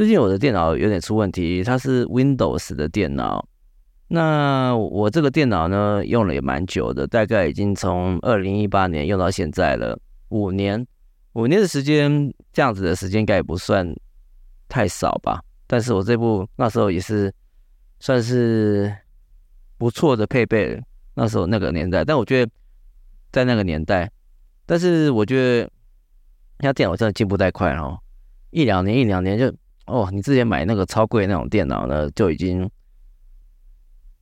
最近我的電腦有點出問題，它是 Windows 的電腦。那我這個電腦呢，用了也蠻久的，大概已經從二零一八年用到現在了，五年，五年的時間，這樣子的時間應該也不算太少吧。但是我這部那時候也是算是不錯的配備，那時候那個年代。但我覺得在那個年代，但是我覺得那電腦真的進步太快了、哦，一兩年一兩年就。哦，你之前買那個超貴那種電腦呢，就已經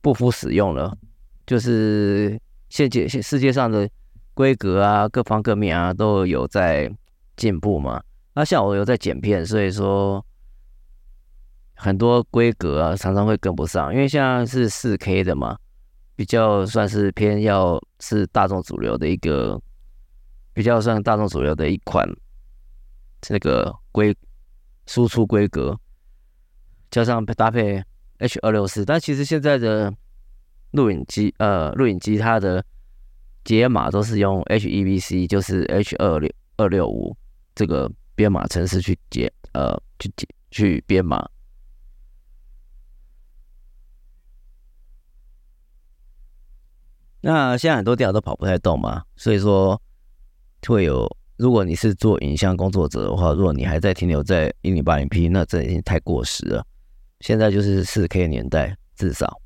不敷使用了。就是現今世界上的規格啊，各方各面啊，都有在進步嘛。那、啊、像我有在剪片，所以說很多規格啊，常常會跟不上。因為現在是四 K 的嘛，比較算是偏要是大眾主流的一個，比較算大眾主流的一款這個規。輸出規格加上搭配 H.264，但其實現在的錄影機，呃，錄影機它的解碼都是用 HEVC，就是 H.26265 這個編碼程式去解，呃，去解去編碼。那現在很多電腦都跑不太動嘛，所以說會有。如果你是做影像工作者的話，如果你還在停留在一零八零 P，那這已經太過時了。現在就是四 K 年代，至少。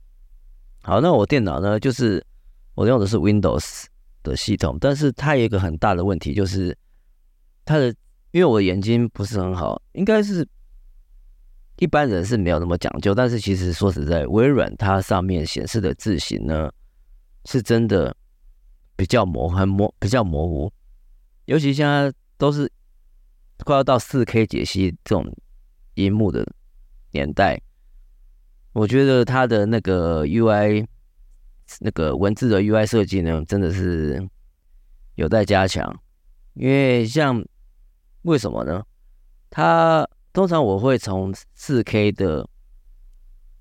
好，那我電腦呢，就是我用的是 Windows 的系統，但是它有一個很大的問題，就是它的，因為我的眼睛不是很好，應該是一般人是沒有那麼講究，但是其實說實在，微軟它上面顯示的字型呢，是真的比較模，很模，比較模糊。尤其現在都是快要到四 K 解析這種熒幕的年代，我覺得它的那個 UI 那個文字的 UI 設計呢，真的是有待加強。因為像為什麼呢？它通常我會從四 K 的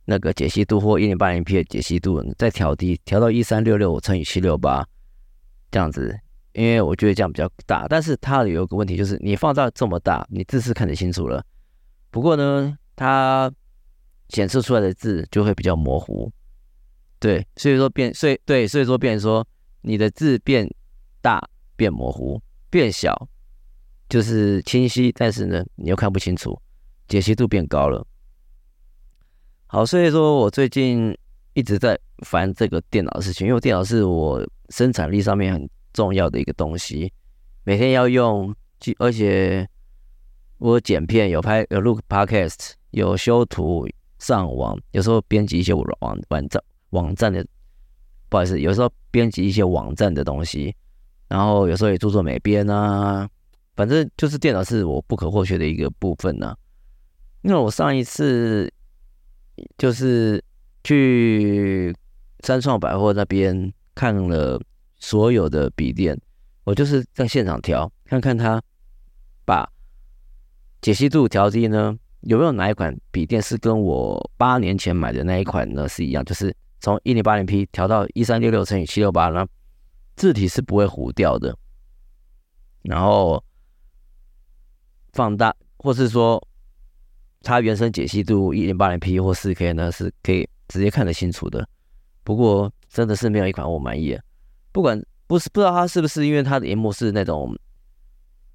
那個解析度或一零八零 P 的解析度再調低，調到一三六六乘以七六八這樣子。因為我覺得這樣比較大，但是它有一個問題，就是你放大這麼大，你字是看得清楚了。不過呢，它顯示出來的字就會比較模糊。對，所以說變，所以對，所以說變成說你的字變大、變模糊、變小，就是清晰，但是呢，你又看不清楚，解析度變高了。好，所以說我最近一直在煩這個電腦的事情，因為電腦是我生產力上面很。重要的一個東西，每天要用，而且我剪片有拍，有錄 podcast，有修圖，上網，有時候編輯一些網網站網站的，不好意思，有時候編輯一些網站的東西，然後有時候也做做美編啊，反正就是電腦是我不可或缺的一個部分呢、啊。因為我上一次就是去三創百貨那邊看了。所有的筆電，我就是在現場調，看看它把解析度調低呢，有沒有哪一款筆電是跟我八年前買的那一款呢是一樣，就是從一零八零 P 調到一三六六乘以七六八，那字體是不會糊掉的，然後放大或是說它原生解析度一零八零 P 或四 K 呢是可以直接看得清楚的，不過真的是沒有一款我滿意的。不管不是不知道它是不是因為它的熒幕是那種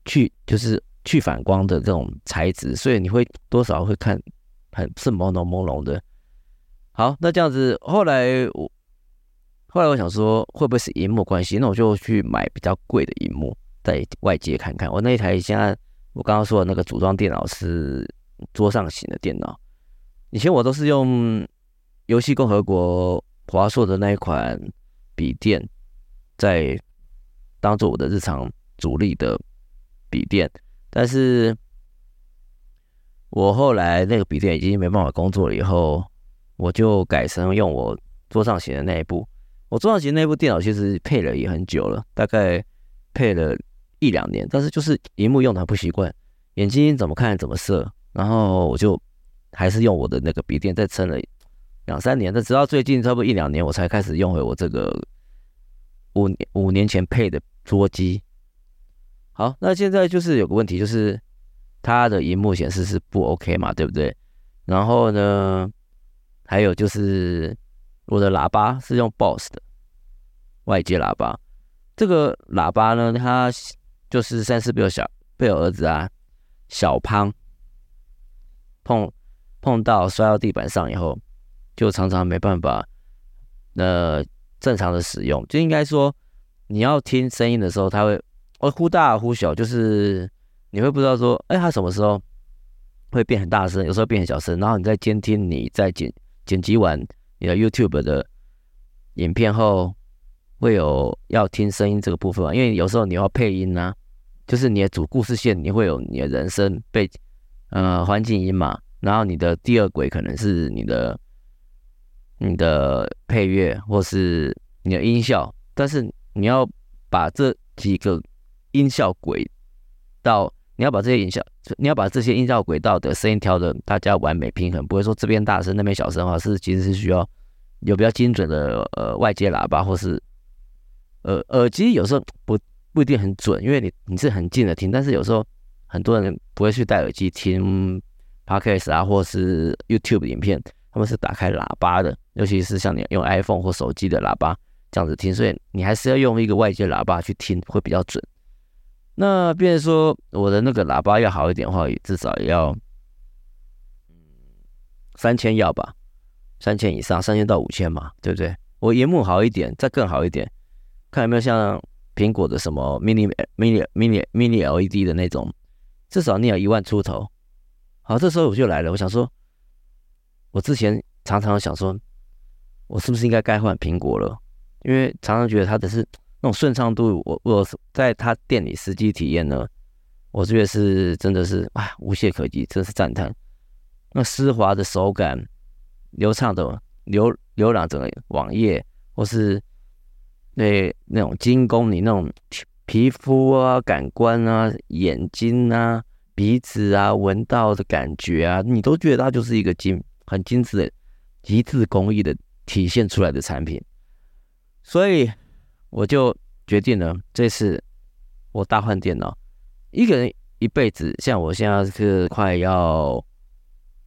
去就是去反光的這種材質，所以你會多少會看很是朦朧朦朧的。好，那這樣子後來我後來我想說會不會是熒幕關係，那我就去買比較貴的熒幕，在外界看看。我那一台現在我剛剛說的那個組裝電腦是桌上型的電腦，以前我都是用遊戲共和國華碩的那一款筆電。在當做我的日常主力的筆電，但是我後來那個筆電已經沒辦法工作了以後，我就改成用我桌上型的那一部。我桌上型的那部電腦其實配了也很久了，大概配了一兩年，但是就是熒幕用的還不習慣，眼睛怎麼看怎麼澀，然後我就還是用我的那個筆電再撐了兩三年，但直到最近差不多一兩年，我才開始用回我這個，五五年前配的桌機，好，那現在就是有個問題，就是它的熒幕顯示是不 OK 嘛，對不對？然後呢，還有就是我的喇叭是用 BOSS 的外接喇叭，這個喇叭呢，它就是三四被我小，被我兒子啊小胖碰碰到摔到地板上以後，就常常沒辦法，那。正常的使用就應該說，你要聽聲音的時候，它會，呃，忽大忽小，就是你會不知道說，哎、欸，它什麼時候會變很大聲，有時候變很小聲。然後你在監聽，你在剪剪輯完你的 YouTube 的影片後，會有要聽聲音這個部分嘛？因為有時候你要配音吶、啊，就是你的主故事線你會有你的人聲背景，呃，環境音嘛，然後你的第二軌可能是你的。你的配樂或是你的音效，但是你要把這幾個音效軌道，你要把這些音效，你要把這些音效軌道的聲音調得大家完美平衡，不會說這邊大聲那邊小聲啊，是其實是需要有比較精準的呃外接喇叭或是耳、呃、耳機，有時候不不一定很準，因為你你是很近的聽，但是有時候很多人不會去戴耳機聽 Podcast 啊，或是 YouTube 影片。他們是打開喇叭的，尤其是像你用 iPhone 或手機的喇叭這樣子聽，所以你還是要用一個外接喇叭去聽會比較準。那比如說我的那個喇叭要好一點的話，至少要，嗯，三千要吧，三千以上，三千到五千嘛，對不對？我螢幕好一點，再更好一點，看有沒有像蘋果的什麼 Mini Mini Mini Mini LED 的那種，至少你要一萬出頭。好，這時候我就來了，我想說。我之前常常想說，我是不是應該該換蘋果了？因為常常覺得它的是那種順暢度我，我我在它店裡實際體驗呢，我覺得是真的是啊，無懈可擊，真是讚嘆。那絲滑的手感，流暢的瀏瀏覽整個網頁，或是那那種精工，你那種皮膚啊、感官啊、眼睛啊、鼻子啊，聞到的感覺啊，你都覺得它就是一個精。很精緻的極致工藝的體現出來的產品，所以我就決定了這次我大換電腦。一個人一輩子，像我現在是快要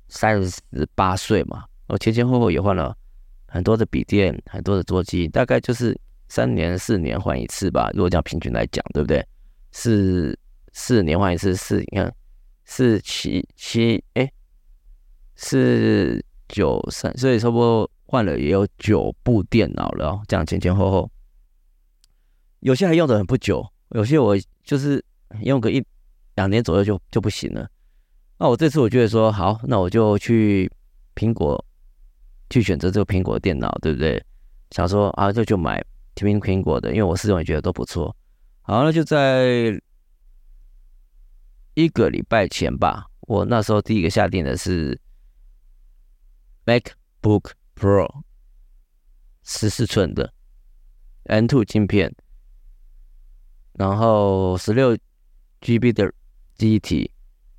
三十八歲嘛，我前前後後也換了很多的筆電，很多的桌機，大概就是三年四年換一次吧。如果這樣平均來講，對不對？四四,四年換一次，四你看四七七哎。欸是九三，所以差不多換了也有九部電腦了喔，這樣前前後後，有些還用的很不久，有些我就是用個一兩年左右就就不行了。那我這次我覺得說好，那我就去蘋果去選擇這個蘋果的電腦，對不對？想說啊，就就買蘋蘋果的，因為我始終也覺得都不錯。好，那就在一個禮拜前吧，我那時候第一個下定的是。MacBook Pro，十四寸的，M2 晶片，然後十六 G B 的記憶體，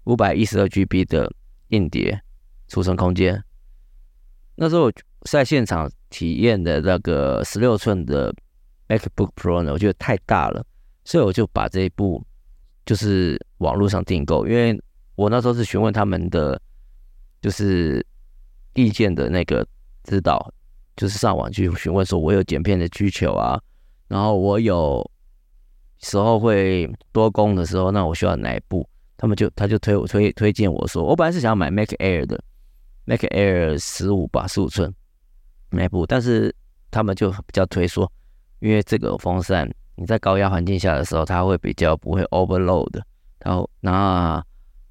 五百一十二 G B 的硬碟儲存空間。那時候我在現場體驗的那個十六寸的 MacBook Pro 呢，我覺得太大了，所以我就把這一部就是網絡上訂購，因為我那時候是詢問他們的，就是。意見的那個指導，就是上網去詢問，說我有剪片的需求啊，然後我有時候會多工的時候，那我需要哪一部？他們就他就推我推推薦我說，我、哦、本來是想要買 Mac Air 的 Mac Air 十五吧，十五寸那一部，但是他們就比較推說，因為這個風扇你在高壓環境下的時候，它會比較不會 overload。然後，然後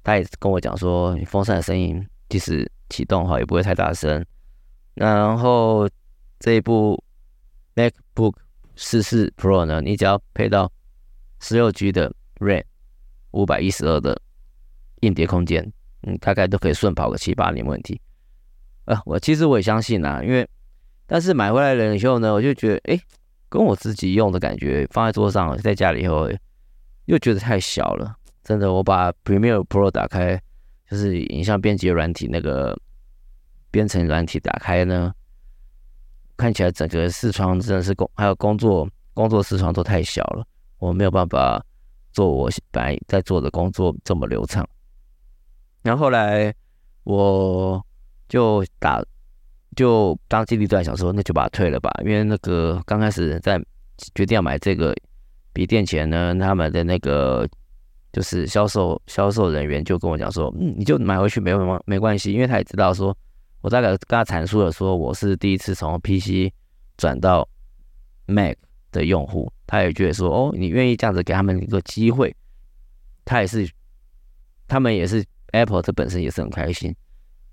他也跟我講說，風扇的聲音其實。啟動哈，也不會太大聲，那然後這一部 MacBook 十四 Pro 呢，你只要配到十六 G 的 RAM，五百一十二的硬碟空間，嗯，大概都可以順跑個七八年沒問題。啊，我其實我也相信啊，因為但是買回來的時候呢，我就覺得，誒、欸，跟我自己用的感覺放在桌上，在家裡以後又覺得太小了。真的，我把 Premiere Pro 打開。就是影像編輯軟體那個編程軟體打開呢，看起來整個視窗真的是工，還有工作工作視窗都太小了，我沒有辦法做我本來在做的工作這麼流暢。然後後來我就打，就當機立斷想說，那就把它退了吧。因為那個剛開始在決定要買這個筆電前呢，他們的那個。就是銷售銷售人員就跟我講說，嗯，你就買回去沒問沒，沒關係，因為他也知道說，我大概跟他闡述了說我是第一次從 PC 轉到 Mac 的用戶，他也覺得說，哦，你願意這樣子給他們一個機會，他也是，他們也是 Apple，這本身也是很開心。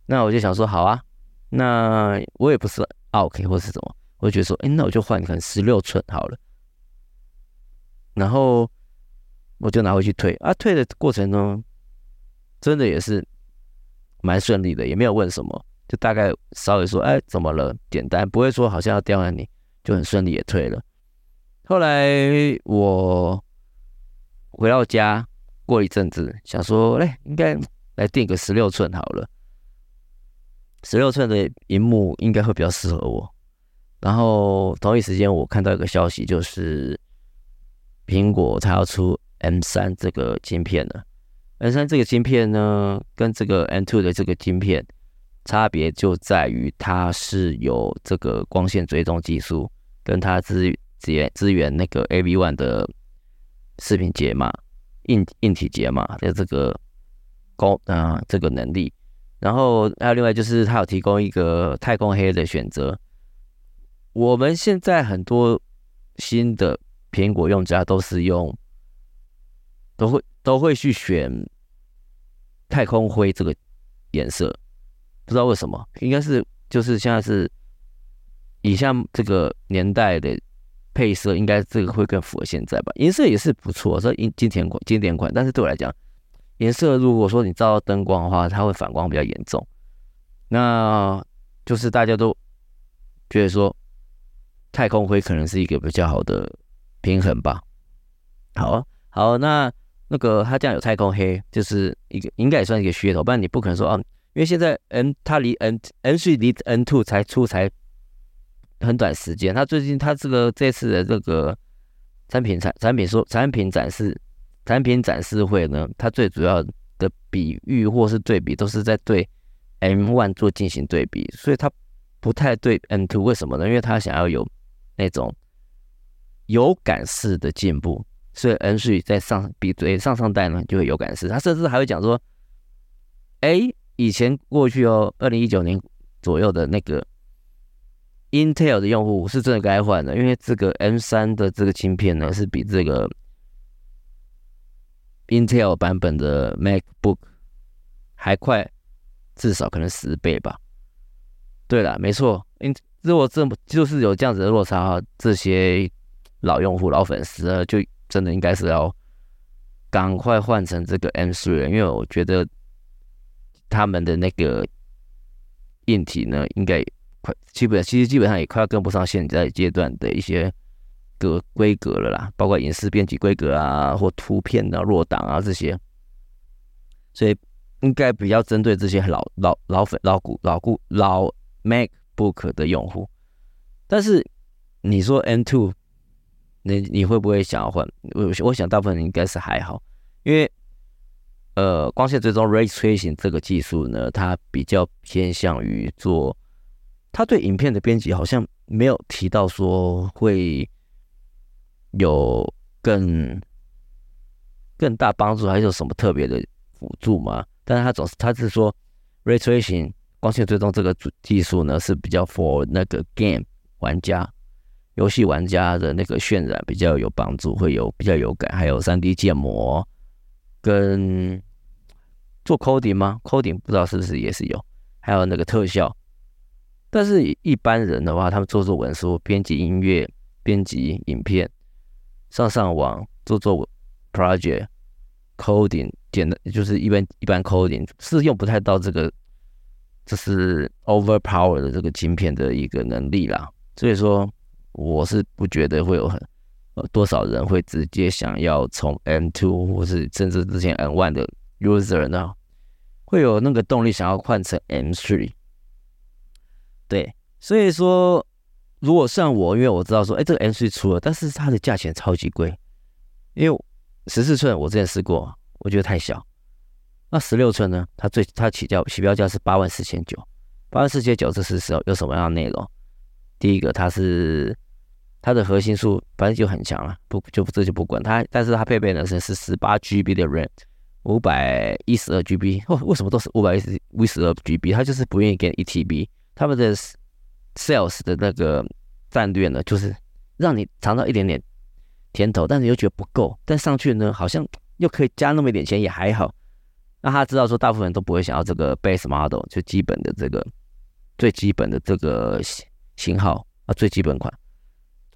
那我就想說，好啊，那我也不是、啊、OK 或是什麼，我就覺得說，誒，那我就換成十六寸好了，然後。我就拿回去退啊，退的過程中真的也是蠻順利的，也沒有問什麼，就大概稍微說哎怎麼了，簡單，不會說好像要刁難你，就很順利也退了。後來我回到我家過一陣子，想說哎、欸、應該來訂個十六吋好了，十六吋的熒幕應該會比較適合我。然後同一時間我看到一個消息，就是蘋果它要出。M 三這個晶片呢，M 三這個晶片呢，跟這個 M two 的這個晶片差別就在於它是有這個光線追蹤技術，跟它支援支援那個 A V one 的視頻解碼硬硬體解碼的這個功啊這個能力，然後還有另外就是它有提供一個太空黑的選擇。我們現在很多新的蘋果用家都是用。都會都會去選太空灰這個顏色，不知道為什麼，應該是就是現在是以下這個年代的配色，應該這個會更符合現在吧。顏色也是不錯，這銀經典款經典款，但是對我來講，顏色如果說你照到燈光的話，它會反光比較嚴重。那就是大家都覺得說，太空灰可能是一個比較好的平衡吧。好啊，啊好，那。那個他這樣有太空黑，就是一個應該也算一個噱頭，不然你不可能說啊，因為現在 M 他離 M M3 離 M Two 才出才很短時間，他最近他這個這次的這個產品產產品說產品展示產品展示會呢，它最主要的比喻或是對比都是在對 M One 做進行對比，所以他不太對 M Two 為什麼呢？因為他想要有那種有感式的進步。所以，N 系在上比、欸、上上代呢，就會有感思，他甚至還會講說：“哎、欸，以前過去哦，二零一九年左右的那個 Intel 的用戶是真的該換了，因為這個 M 三的這個芯片呢，是比這個 Intel 版本的 MacBook 還快，至少可能十倍吧。”對了，沒錯，因如果這麼就是有這樣子的落差的，這些老用戶、老粉絲啊，就。真的應該是要趕快換成這個 M 3，因為我覺得他們的那個硬體呢，應該快基本其實基本上也快要跟不上現在階段的一些格規格了啦，包括影視編輯規格啊，或圖片啊、落檔啊這些，所以應該比較針對這些老老老粉老古老古老 MacBook 的用戶，但是你說 M two。你你會不會想要換？我我想大部分人應該是還好，因為呃，光線追蹤 （ray tracing） 這個技術呢，它比較偏向於做，它對影片的編輯好像沒有提到說會有更更大幫助，還是有什麼特別的輔助嗎？但是它總是他是說，ray tracing 光線追蹤這個技術呢是比較 for 那個 game 玩家。遊戲玩家的那個渲染比較有幫助，會有比較有感，還有 3D 建模跟做 coding 嗎？coding 不知道是不是也是有，還有那個特效。但是，一般人的話，他們做作文書、編輯音樂、編輯影片、上上網、做做 project、coding 簡單就是一般一般 coding 是用不太到這個，這就是 overpower 的這個晶片的一個能力啦。所以說。我是不覺得會有很呃多少人會直接想要從 M2 或是甚至之前 M1 的 user 呢，會有那個動力想要換成 M3。對，所以說如果算我，因為我知道說，哎、欸，這個 M3 出了，但是它的價錢超級貴，因為十四寸我之前試過，我覺得太小。那十六寸呢？它最它起價起標價是八萬四千九，八萬四千九，這是時候有什麼樣的內容？第一個，它是它的核心數，反正就很強了，啊，不就這就不管它。但是它配備的是是十八 G B 的 RAM，五百一十二 G B 哦，為什麼都是五百一十二 G B？它就是不願意給你一 T B。他們的 sales 的那個戰略呢，就是讓你嘗到一點點甜頭，但是又覺得不夠。但上去呢，好像又可以加那麼一點錢，也還好。那他知道說，大部分人都不會想要這個 base model，就基本的這個最基本的這個。型號啊，最基本款，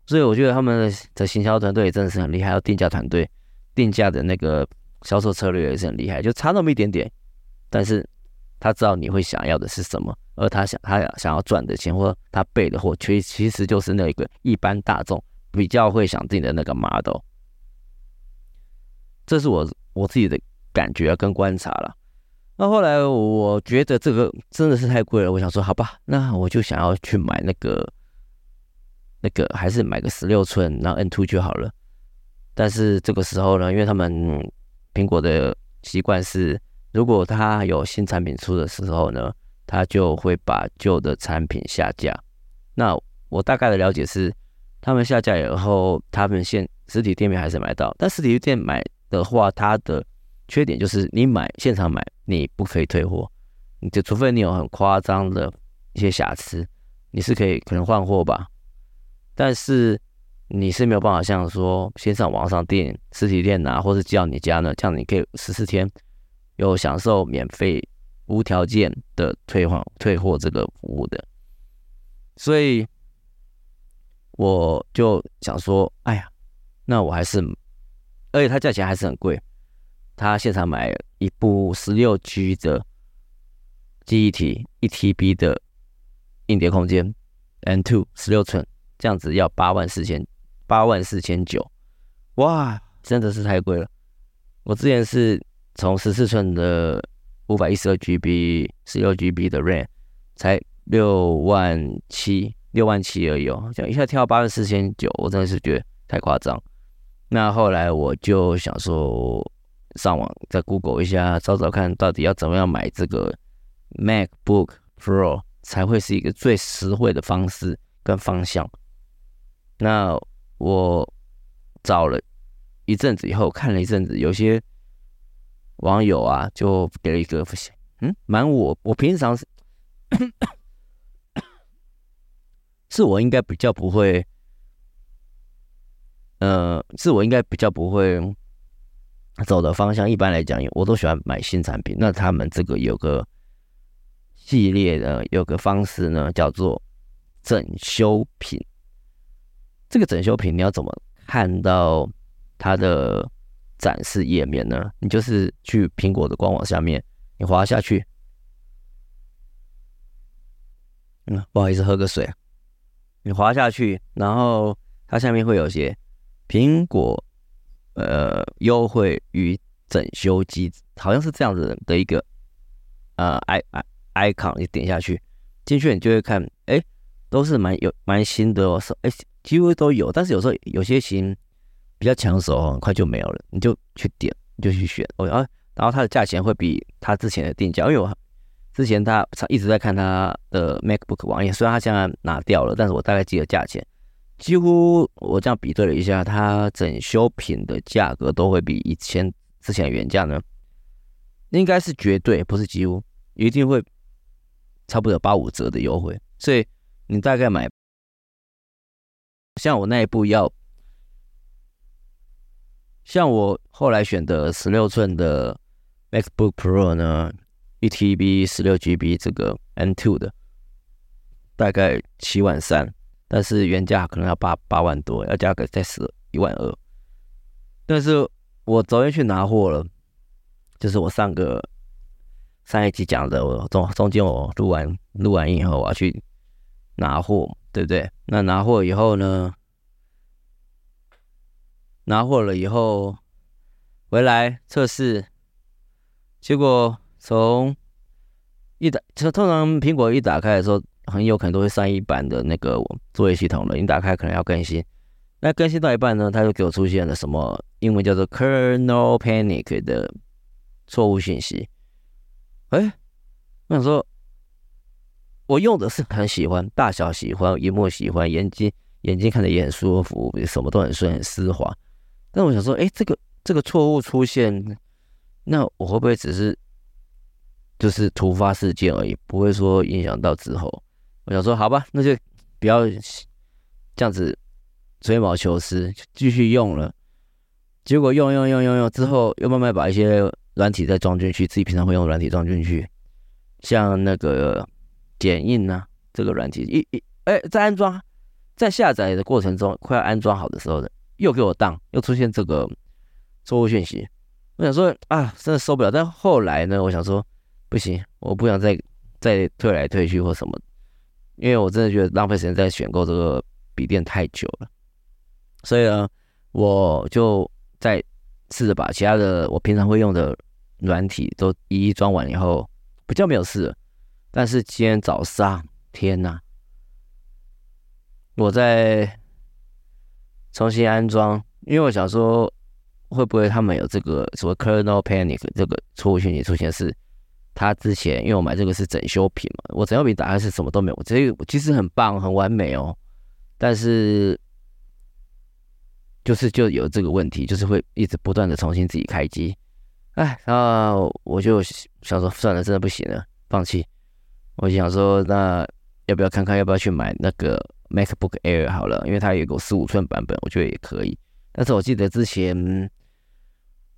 所以我覺得他們的行銷團隊也真的是很厲害，還、啊、有定價團隊，定價的那個銷售策略也是很厲害，就差那麼一點點。但是他知道你會想要的是什麼，而他想他想要賺的錢或他備的貨，其實其實就是那一個一般大眾比較會想定的那個 model。這是我我自己的感覺跟觀察了。那後來我覺得這個真的是太貴了，我想說好吧，那我就想要去買那個，那個還是買個十六寸，然後 M2 就好了。但是這個時候呢，因為他們蘋果的習慣是，如果他有新產品出的時候呢，他就會把舊的產品下架。那我大概的了解是，他們下架以後，他們現實體店面還是買到，但實體店買的話，它的。缺點就是你買現場買，你不可以退貨，你就除非你有很誇張的一些瑕疵，你是可以可能換貨吧，但是你是沒有辦法像說先上網上訂實體店拿、啊、或者寄到你家呢，這樣你可以十四天有享受免費無條件的退換退貨這個服務的，所以我就想說，哎呀，那我還是，而且它價錢還是很貴。他現場買了一部十六 G 的，記憶體，一 TB 的，硬碟空間，M2 十六寸這樣子要八萬四千八萬四千九，哇，真的是太貴了。我之前是從十四寸的五百一十二 GB 十六 GB 的 RAM 才六萬七六萬七而已哦，這樣一下跳到八萬四千九，我真的是覺得太誇張。那後來我就想說。上網再 Google 一下，找找看到底要怎麼樣買這個 MacBook Pro 才會是一個最實惠的方式跟方向。那我找了一陣子以後，看了一陣子，有些網友啊就給了一個，不行，嗯，蠻我我平常是， 是我應該比較不會，呃，是我應該比較不會。走的方向一般來講，我都喜歡買新產品。那他們這個有個系列的，有個方式呢，叫做整修品。這個整修品你要怎麼看到它的展示頁面呢？你就是去蘋果的官網下面，你滑下去。嗯，不好意思，喝個水。你滑下去，然後它下面會有些蘋果。呃，優惠與整修機好像是這樣子的一個呃，I I icon 你點下去進去，你就會看，誒、欸，都是蠻有蠻新的哦，是誒、欸，幾乎都有，但是有時候有些型比較搶手，很快就沒有了，你就去點，你就去選，哦，OK，然後然後它的價錢會比它之前的定價，因為我之前它一直在看它的 MacBook 網頁，雖然它現在拿掉了，但是我大概記得價錢。幾乎我這樣比對了一下，它整修品的價格都會比以前之前原價呢，應該是絕對不是幾乎，一定會差不多八五折的優惠。所以你大概買，像我那一部要像我後來選的十六寸的 MacBook Pro 呢，一 TB 十六 GB 這個 M2 的，大概七萬三。但是原價可能要八八萬多，要加個再十一萬二。但是我昨天去拿貨了，就是我上個上一期講的我，中中我中中間我錄完錄完音以後，我要去拿貨，對不對？那拿貨以後呢，拿貨了以後回來測試，結果從一打，就通常蘋果一打開的時候。很有可能都會上一版的那個作業系統了，你打開可能要更新。那更新到一半呢，它就給我出現了什麼英文叫做 “kernel panic” 的錯誤信息。哎，我想說，我用的是很喜歡，大小喜歡，螢幕喜歡，眼睛眼睛看着也很舒服，什麼都很順，很絲滑。但我想說，哎，這個這個錯誤出現，那我會不會只是就是突發事件而已，不會說影響到之後？我想說，好吧，那就不要這樣子吹毛求疵，繼續用了。結果用用用用用之後，又慢慢把一些軟體再裝進去。自己平常會用的軟體裝進去，像那個剪映呢、啊，這個軟體，一一哎，在安裝在下載的過程中，快要安裝好的時候的，又給我當，又出現這個錯誤訊息。我想說啊，真的受不了。但後來呢，我想說不行，我不想再再退來退去或什麼。因為我真的覺得浪費時間在選購這個筆電太久了，所以呢，我就再試着把其他的我平常會用的軟體都一一裝完以後，比較沒有事了。但是今天早上，天吶啊。我在重新安裝，因為我想說，會不會他們有這個什麼 “kernel panic” 這個錯誤訊息出現是，它之前，因為我買這個是整修品嘛，我整修品打開是什麼都沒有，所以其實很棒，很完美哦。但是就是就有這個問題，就是會一直不斷的重新自己開機。哎，那我就想說，算了，真的不行了，放棄。我想說，那要不要看看，要不要去買那個 MacBook Air 好了，因為它有個十五寸版本，我覺得也可以。但是我記得之前。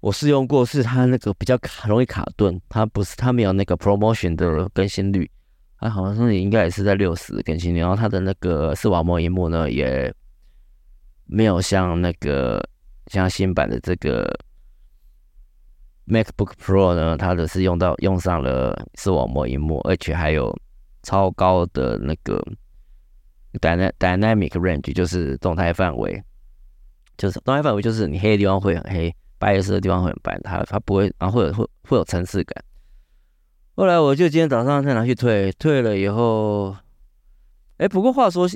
我試用過，是它那個比較卡，容易卡頓。它不是，它沒有那個 promotion 的更新率。它好像說應該也是在六十更新率。然後它的那個視網膜熒幕呢，也沒有像那個像新版的這個 MacBook Pro 呢，它的是用到用上了視網膜熒幕，而且還有超高的那個 dynamic dynamic range，就是動態範圍，就是動態範圍就是你黑的地方會很黑。白色的地方會很白，它它不會，然、啊、後會有會會有層次感。後來我就今天早上再拿去退，退了以後，哎、欸，不過話說，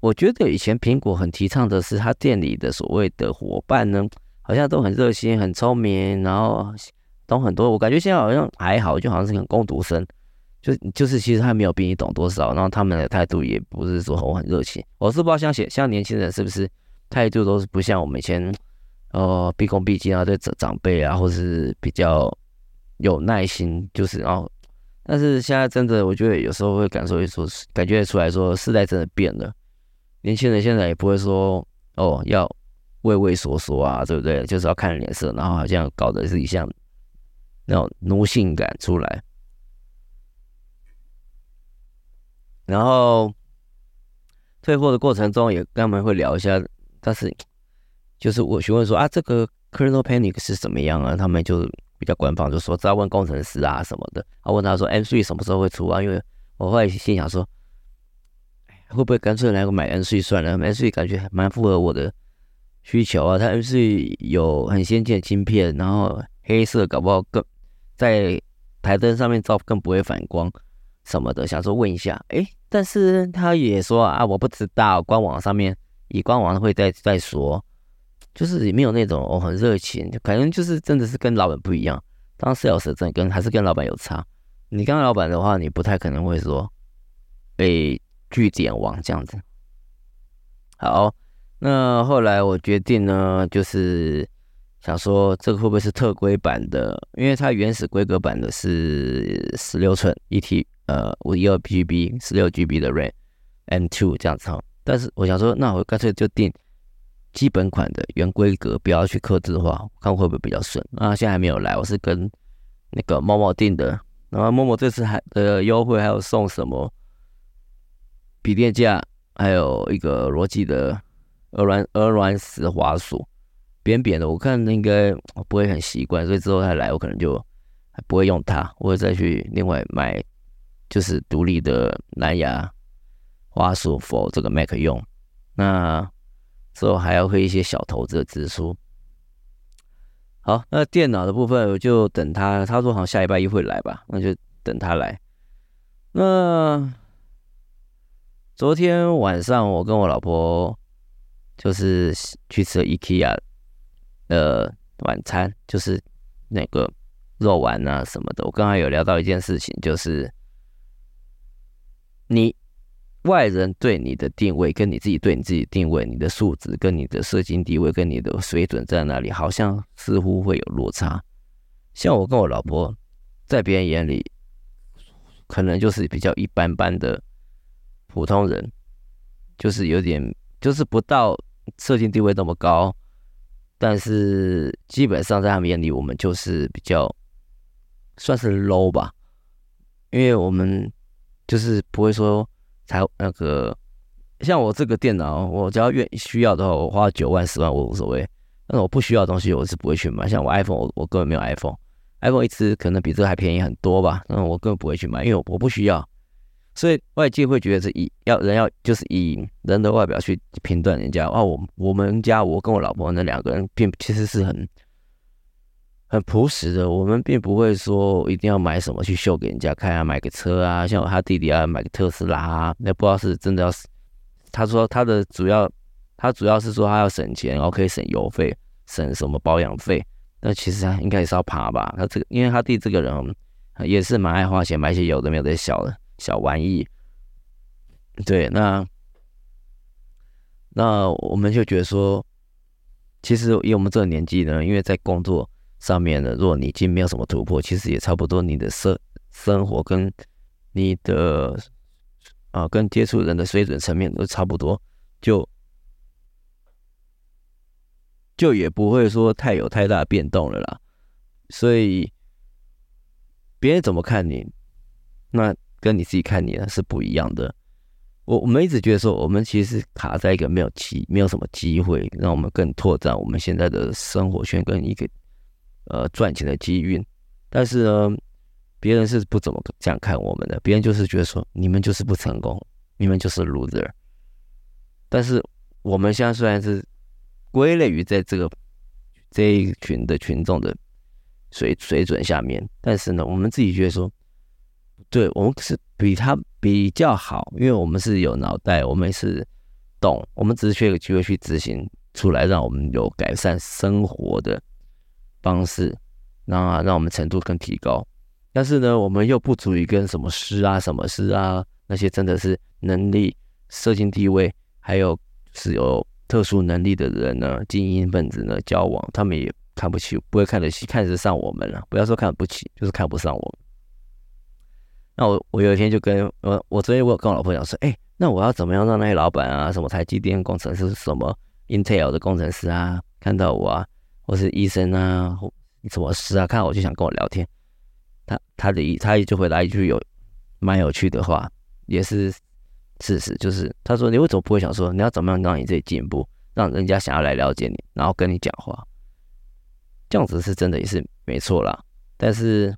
我覺得以前蘋果很提倡的是，他店裡的所謂的夥伴呢，好像都很熱心、很聰明，然後懂很多。我感覺現在好像還好，就好像是個工讀生，就就是其實他沒有比你懂多少，然後他們的態度也不是說我很熱情。我是不知道像，像現像年輕人是不是態度都是不像我們以前。哦，畢恭畢敬啊，對長長輩啊，或是比較有耐心，就是哦。但是現在真的，我覺得有時候會感受一，說感覺出來說，世代真的變了。年輕人現在也不會說哦，要畏畏縮縮啊，對不對？就是要看臉色，然後好像搞得自己像那種奴性感出來。然後退貨的過程中也跟他們會聊一下，但是。就是我詢問說啊，這個 Kernel Panic 是怎麼樣啊？他們就比較官方，就說在問工程師啊什麼的。啊，問他說 M3 什麼時候會出啊？因為我後來心想說，會不會乾脆來個買 M3 算了，M3 感覺蠻符合我的需求啊。他 M3 有很先進的晶片，然後黑色搞不好更在檯燈上面照更不會反光什麼的。想說問一下，誒、欸，但是他也說啊，我不知道，官網上面以官網會再再說。就是也沒有那種我、哦、很熱情，可能就是真的是跟老闆不一樣。當 sales 真的跟還是跟老闆有差。你跟老闆的話，你不太可能會說，被句點王這樣子。好，那後來我決定呢，就是想說這個會不會是特規版的？因為它原始規格版的是十六寸 1T 呃 512GB 十六 GB 的 RAM M2 這樣子哈。但是我想說，那我乾脆就定。基本款的原規格，不要去客製的話，我看會不會比較順。那、啊、現在還沒有來，我是跟那個某某訂的。然後某某這次還的優、呃、惠還有送什麼筆電架，還有一個羅技的鵝卵鵝卵石滑鼠，扁扁的。我看應該不會很習慣，所以之後他來我可能就還不會用它，我會再去另外買，就是獨立的藍牙滑鼠 for 這個 Mac 用。那之後還要會一些小投資的支出。好，那電腦的部分我就等他，他說好像下禮拜一會來吧，那就等他來。那昨天晚上我跟我老婆就是去吃 IKEA 的晚餐，就是那個肉丸啊什麼的。我剛剛有聊到一件事情，就是你。外人對你的定位跟你自己對你自己定位，你的素質跟你的社經地位跟你的水準在哪裡，好像似乎會有落差。像我跟我老婆，在別人眼裡，可能就是比較一般般的普通人，就是有點就是不到社經地位那麼高，但是基本上在他們眼裡，我們就是比較算是 low 吧，因為我們就是不會說。才那個，像我這個電腦，我只要願意需要的話，我花九萬十萬我無所謂。但是我不需要的東西，我是不會去買。像我 iPhone，我我根本沒有 iPhone。iPhone 一直可能比這個還便宜很多吧。那我根本不會去買，因為我不需要。所以外界會覺得是以要人要就是以人的外表去評斷人家啊。我我們家我跟我老婆那兩個人並其實是很。很樸實的，我們並不會說一定要買什麼去秀給人家看啊，買個車啊，像我他弟弟啊買個特斯拉啊，那不知道是真的要。他說他的主要，他主要是說他要省錢，然後可以省油費，省什麼保養費。但其實他應該也是要爬吧？他這個，因為他弟這個人也是蠻愛花錢，買一些有的沒的小的小玩意。對，那那我們就覺得說，其實以我們這個年紀呢，因為在工作。上面呢，若你已經沒有什麼突破，其實也差不多。你的生生活跟你的啊，跟接觸人的水準層面都差不多，就就也不會說太有太大的變動了啦。所以別人怎麼看你，那跟你自己看你呢是不一樣的。我我們一直覺得說，我們其實卡在一個沒有機，沒有什麼機會讓我們更拓展我們現在的生活圈跟一個。呃，賺錢的機遇，但是呢，別人是不怎麼這樣看我們的，別人就是覺得說，你們就是不成功，你們就是 loser。但是我們現在雖然是歸類於在這個這一群的群眾的水水準下面，但是呢，我們自己覺得說，對，我們是比他比較好，因為我們是有腦袋，我們是懂，我們只是缺一個機會去執行出來，讓我們有改善生活的。方式，那讓我們程度更提高，但是呢，我們又不足以跟什麼師啊、什麼師啊，那些真的是能力、社經地位，還有是有特殊能力的人呢、啊，精英分子呢交往，他們也看不起，不會看得起，看得上我們了、啊。不要說看不起，就是看不上我們。那我我有一天就跟我我昨天我有跟我老婆講說，誒、欸，那我要怎麼樣讓那些老板啊，什麼台積電工程師、什麼 Intel 的工程師啊，看到我啊？我是醫生啊，或什麼師啊，看到我就想跟我聊天。他他的意他就會來一句有蠻有趣的話，也是事實，就是他說：“你為什麼不會想說，你要怎麼樣讓你自己進步，讓人家想要來了解你，然後跟你講話？這樣子是真的也是沒錯啦。但是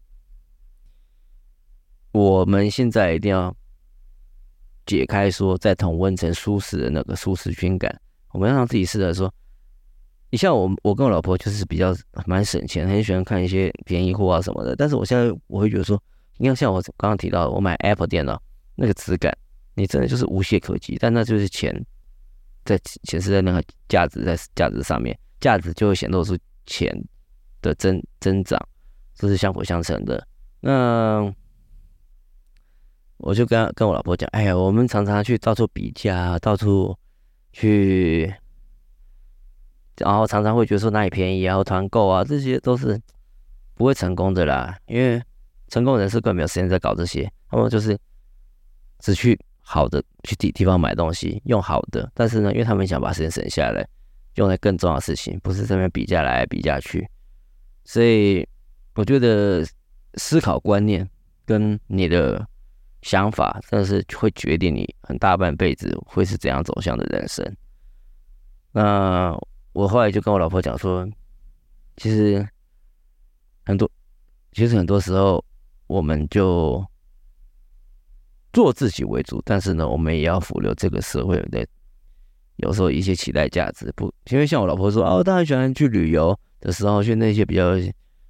我們現在一定要解開說，在同溫層舒適的那個舒適圈感，我們要讓自己試着說。”你像我，我跟我老婆，就是比較蠻省錢，很喜歡看一些便宜貨啊什麼的。但是我現在我會覺得說，你看像我剛剛提到的，我買 Apple 電腦，那個質感，你真的就是無懈可擊。但那就是錢在顯示在那個價值在價值上面，價值就會顯露出錢的增增長，這是相輔相成的。那我就跟跟我老婆講，哎呀，我們常常去到處比價，到處去。然後常常會覺得說哪裡便宜啊，然後團購啊，這些都是不會成功的啦。因為成功人士根本沒有時間在搞這些，他們就是只去好的去地地方買東西，用好的。但是呢，因為他們想把時間省下來，用來更重要的事情，不是這邊比價來比價去。所以我覺得思考觀念跟你的想法，真的是會決定你很大半輩子會是怎樣走向的人生。那。我後來就跟我老婆講說，其實很多，其實很多時候我們就做自己為主，但是呢，我們也要保留這個社會的有時候一些期待價值。不，因為像我老婆說哦，當然喜歡去旅遊的時候，去那些比較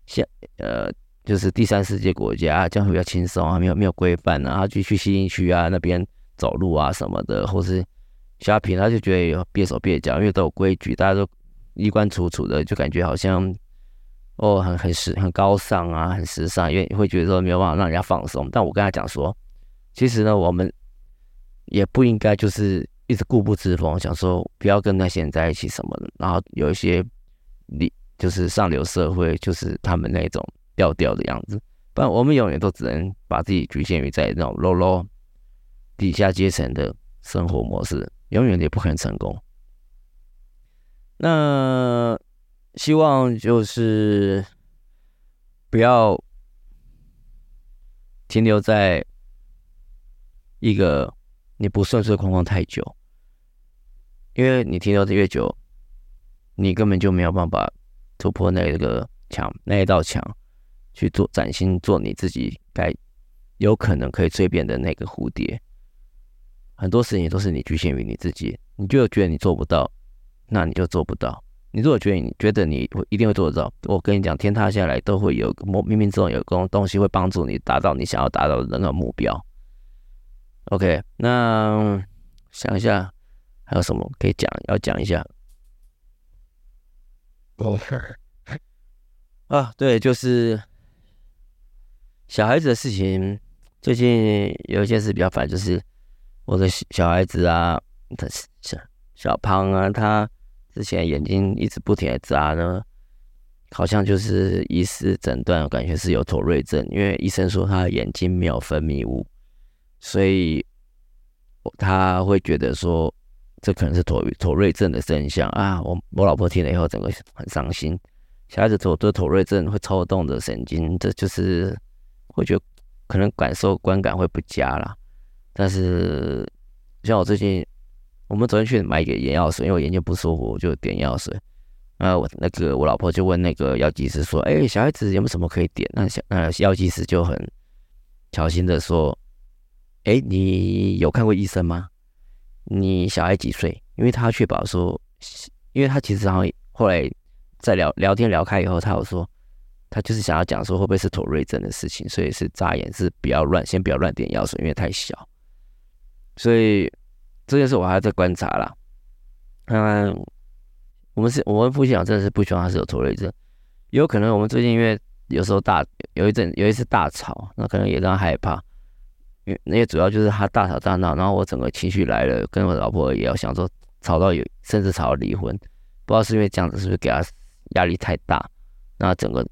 像呃，就是第三世界國家，這樣會比較輕鬆啊，沒有沒有規範，啊，就去去西景區啊那邊走路啊什麼的，或是。蝦皮他就覺得有別手別腳，因為都有規矩，大家都衣冠楚楚的，就感覺好像哦，很很時很高尚啊，很時尚，因為會覺得說沒有辦法讓人家放鬆。但我跟他講說，其實呢，我們也不應該就是一直固步自封，想說不要跟那些人在一起什麼的。然後有一些你就是上流社會，就是他們那種調調的樣子，不然我們永遠都只能把自己局限於在那種 low low 底下階層的生活模式。永遠也不可能成功。那希望就是不要停留在一個你不順遂框框太久，因為你停留的越久，你根本就沒有辦法突破那一個牆、那一道牆，去做嶄新，做你自己該有可能可以蛻變的那個蝴蝶。很多事情都是你侷限於你自己，你就覺得你做不到，那你就做不到。你如果覺得你覺得你一定會做得到，我跟你講，天塌下來都會有個，冥冥之中有一個東西會幫助你達到你想要達到的那個目標。OK，那想一下還有什麼可以講，要講一下。OK， 啊，對，就是小孩子的事情，最近有一件事比較煩，就是。我的小孩子啊，他小小胖啊，他之前眼睛一直不停的眨呢，好像就是醫師診斷，我感覺是有妥瑞症，因為醫生說他的眼睛沒有分泌物，所以他會覺得說這可能是妥妥瑞症的真相啊。我我老婆聽了以後，整個很傷心。小孩子妥這妥瑞症會抽動的神經，這就是會覺得可能感受觀感會不佳啦。但是，像我最近，我們昨天去買一個眼藥水，因為我眼睛不舒服，我就點眼藥水。那我那個我老婆就問那個藥劑師說：“哎，小孩子有沒有什麼可以點？”那小那藥劑師就很小心的說：“哎，你有看過醫生嗎？你小孩幾歲？”因為他確保說，因為他其實好像後來在聊聊天聊開以後，他有說，他就是想要講說會不會是妥瑞症的事情，所以是眨眼是不要亂，先不要亂點藥水，因為太小。所以這件事我還在觀察啦。嗯，我們是我們夫妻倆真的是不希望他是有妥瑞症。也有可能我們最近因為有時候大有一陣有一次大吵，那可能也讓他害怕。因那些主要就是他大吵大鬧，然後我整個情緒來了，跟我老婆也要想說吵到有甚至吵到離婚。不知道是因為這樣子是不是給他壓力太大？那整個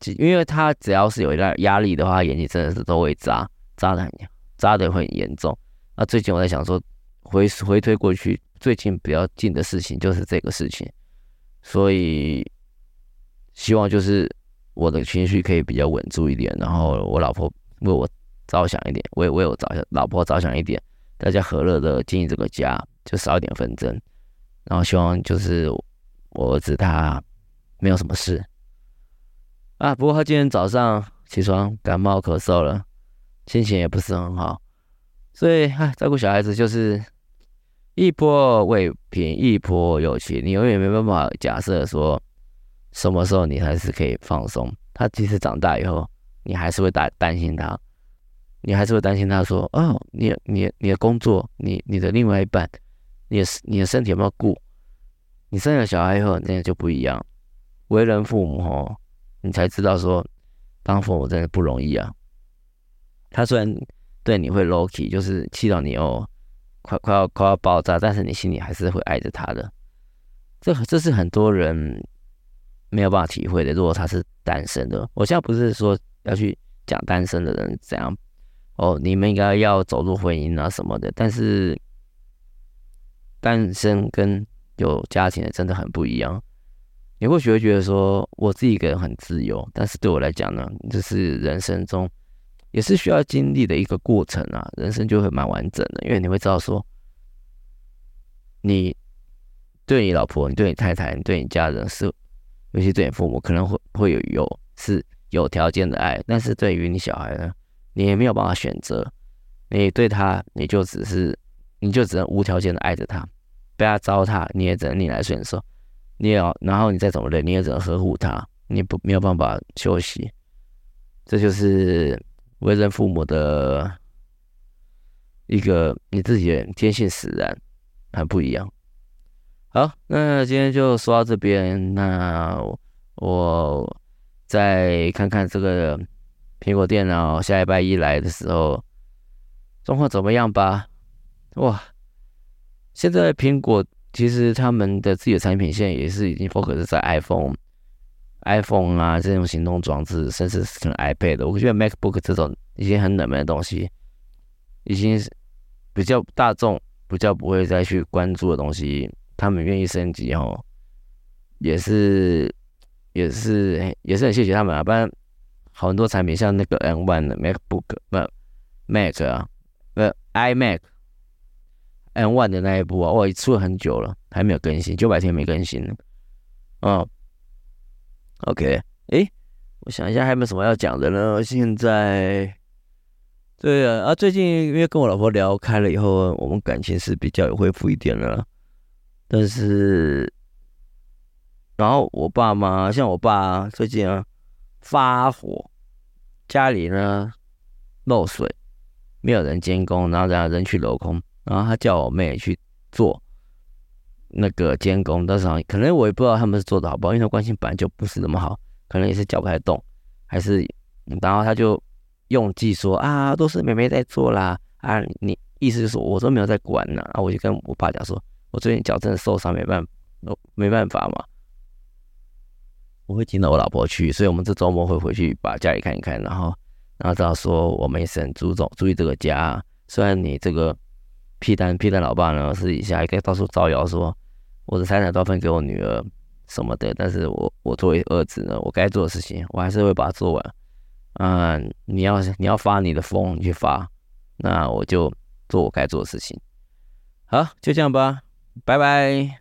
就因為他只要是有一點壓力的話，他眼睛真的是都會眨眨得很眨得很嚴重。那、啊、最近我在想說回，回回推過去最近比較近的事情就是這個事情，所以希望就是我的情緒可以比較穩住一點，然後我老婆為我着想一點，我也為我着想，老婆着想一點，大家和樂的經營這個家，就少一點紛爭。然後希望就是我，我兒子他沒有什麼事，啊，不過他今天早上起床感冒咳嗽了，心情也不是很好。所以，哎，照顧小孩子就是一波未平，一波又起。你永遠沒辦法假設說什麼時候你才是可以放鬆。他即使長大以後，你還是會擔擔心他，你還是會擔心他說：“哦，你、你、你的工作，你、你的另外一半，你的、你的身體有沒有顧？”你生了小孩以後，那樣就不一樣。為人父母哦，你才知道說，當父母真的不容易啊。他雖然。對你會 low key 就是氣到你哦，快快要快要爆炸，但是你心裡還是會愛着他的。這這是很多人沒有辦法體會的。如果他是單身的，我現在不是說要去講單身的人怎樣哦，你們應該要走入婚姻啊什麼的。但是單身跟有家庭的真的很不一樣。你或許會覺得說我自己一個人很自由，但是對我來講呢，這、就是人生中。也是需要經歷的一個過程啊，人生就會蠻完整的，因為你會知道說，你對你老婆，你對你太太，你對你家人，是尤其對你父母，可能會會有有是有條件的愛，但是對於你小孩呢，你也沒有辦法選擇，你對他，你就只是你就只能無條件的愛着他，被他糟蹋，你也只能逆來順受，你也要，然後你再怎麼累，你也只能呵護他，你也不沒有辦法休息，這就是。為人父母的一個你自己的天性使然，很不一樣。好，那今天就說到這邊。那我，我再看看這個蘋果電腦下禮拜一來的時候狀況怎麼樣吧。哇，現在蘋果其實他們的自己的產品線也是已經 focus 在 iPhone。iPhone 啊，這種行動裝置，甚至是可能 iPad，我覺得 MacBook 這種已經很冷門的東西，已經是比較大眾、比較不會再去關注的東西，他們願意升級哦，也是，也是，也是很謝謝他們啊，不然好很多產品像那個 M1 的 MacBook 不、啊、Mac 啊，不、啊、iMac M1 的那一部啊，哇，出了很久了，還沒有更新，九百天沒更新了，嗯、哦。OK，哎，我想一下，還有沒有什麼要講的呢？現在，對啊，啊，最近因為跟我老婆聊開了以後，我們感情是比較有恢復一點了。但是，然後我爸媽，像我爸最近啊發火，家裡呢漏水，沒有人監工，然後這樣人去樓空，然後他叫我妹去做。那個監工，但是可能我也不知道他們是做的好不好，因為關係本來就不是那麼好，可能也是腳不太動，還是，然後他就用計說啊，都是妹妹在做啦，啊，你意思是說，我都沒有在管呢、啊，啊，我就跟我爸講說，我最近腳真的受傷，沒辦法、哦，沒辦法嘛，我會聽到我老婆去，所以我們這周末會回去把家裡看一看，然後，然後到時候我們也是注重注意這個家，雖然你這個屁蛋屁蛋老爸呢私底下也可以到處造謠說。我的財產都分給我女兒什麼的，但是我我作為兒子呢，我該做的事情，我還是會把它做完。嗯，你要你要發你的瘋，你去發，那我就做我該做的事情。好，就這樣吧，拜拜。